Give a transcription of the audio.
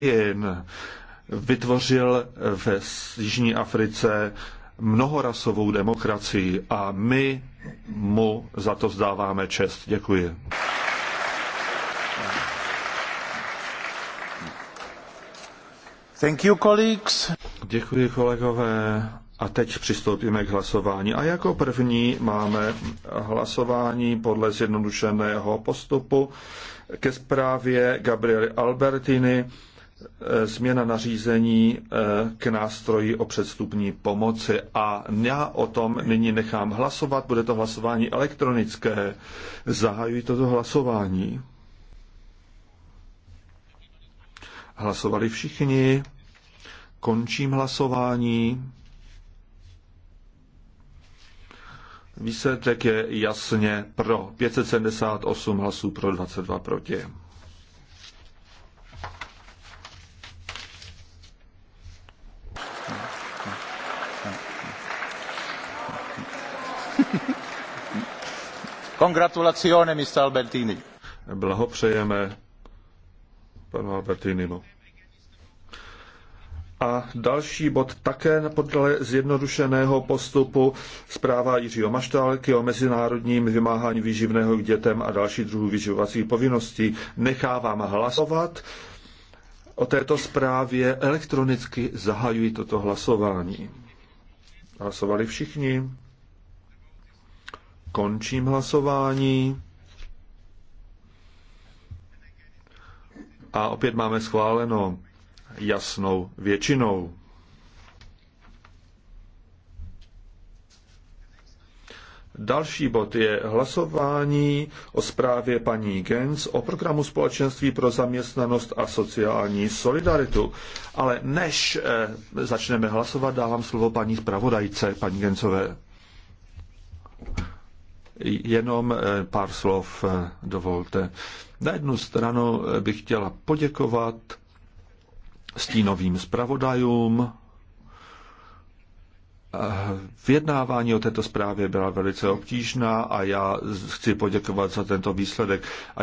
Jin vytvořil v Jižní Africe mnohorasovou demokracii a my mu za to zdáváme čest. Děkuji. Thank you, colleagues. Děkuji, kolegové. A teď přistoupíme k hlasování. A jako první máme hlasování podle zjednodušeného postupu ke zprávě Gabriely Albertiny Eh, změna nařízení eh, k nástroji o předstupní pomoci. A já o tom nyní nechám hlasovat. Bude to hlasování elektronické. Zahajuji toto hlasování. Hlasovali všichni. Končím hlasování. Výsledek je jasně pro 578 hlasů pro 22 proti. Albertini. Blahopřejeme panu Albertinimu. A další bod také podle zjednodušeného postupu zpráva Jiřího Maštálky o mezinárodním vymáhání výživného k dětem a další druhů vyživovacích povinností. Nechávám hlasovat. O této zprávě elektronicky zahajuji toto hlasování. Hlasovali všichni. Končím hlasování. A opět máme schváleno jasnou většinou. Další bod je hlasování o zprávě paní Gens o programu Společenství pro zaměstnanost a sociální solidaritu. Ale než eh, začneme hlasovat, dávám slovo paní zpravodajce, paní Gensové. Jenom eh, pár slov eh, dovolte. Na jednu stranu eh, bych chtěla poděkovat stínovým zpravodajům. Vyjednávání o této zprávě byla velice obtížná a já chci poděkovat za tento výsledek.